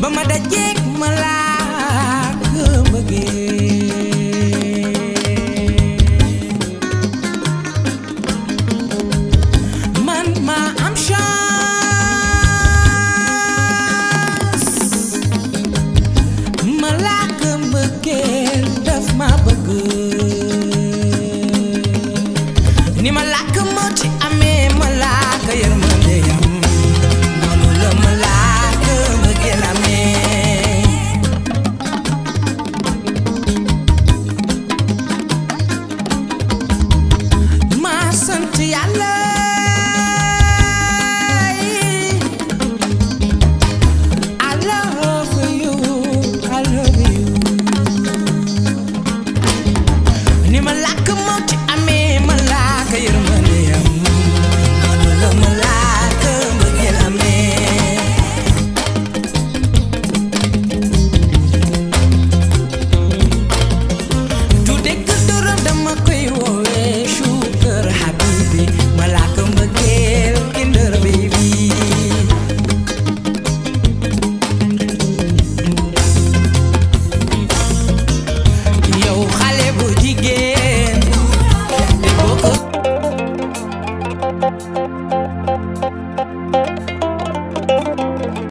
ba ma dajeek ma laa Nimmalako